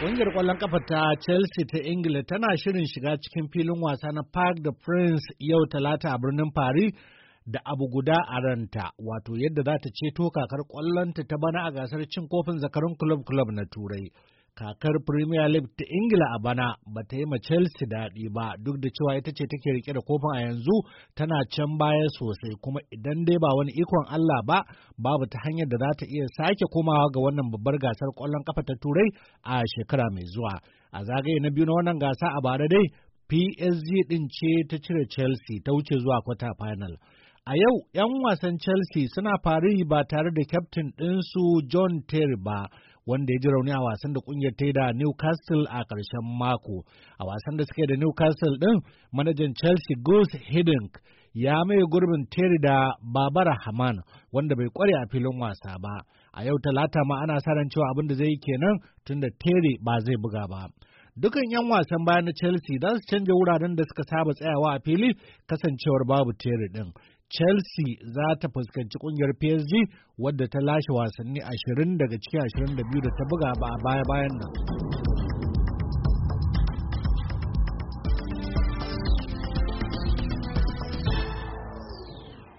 Ƙungiyar ƙwallon ƙafa ta Chelsea ta Ingila tana shirin shiga cikin filin wasa na Park the Prince yau talata a birnin Paris da abu guda a ranta, wato yadda za ta ceto kakar ƙwallonta ta bana a gasar cin kofin zakarun club club na Turai. kakar Premier League ta Ingila a bana ba ta yi ma Chelsea daɗi ba duk da cewa ita ce take rike da kofin a yanzu tana can baya sosai kuma idan dai ba wani ikon Allah ba babu ta hanyar da za ta iya sake komawa ga wannan babbar gasar ƙwallon ƙafa ta Turai a shekara mai zuwa. A zagaye na biyu na wannan gasa a bara dai PSG ɗin ce ta cire Chelsea ta wuce zuwa kwata final. A yau, ‘yan wasan Chelsea suna fari ba tare da kyaftin ɗinsu John Terry ba, wanda ya ji rauni a wasan da kungiyar ta yi da Newcastle a ƙarshen mako. A wasan da suka yi da Newcastle ɗin, manajan Chelsea Gus Hiddink ya mai gurbin Terry da Babara Haman wanda bai kware a filin wasa ba. A yau talata ma ana sa ran cewa abin da zai yi kenan tunda Terry ba zai buga ba. dukan 'yan wasan bayan na Chelsea za su canja wuraren da suka saba tsayawa a fili kasancewar babu Terry din. Chelsea za ta fuskanci kungiyar PSG wadda ta lashe wasanni 20 daga cikin 22 da ta buga ba a baya-bayan nan.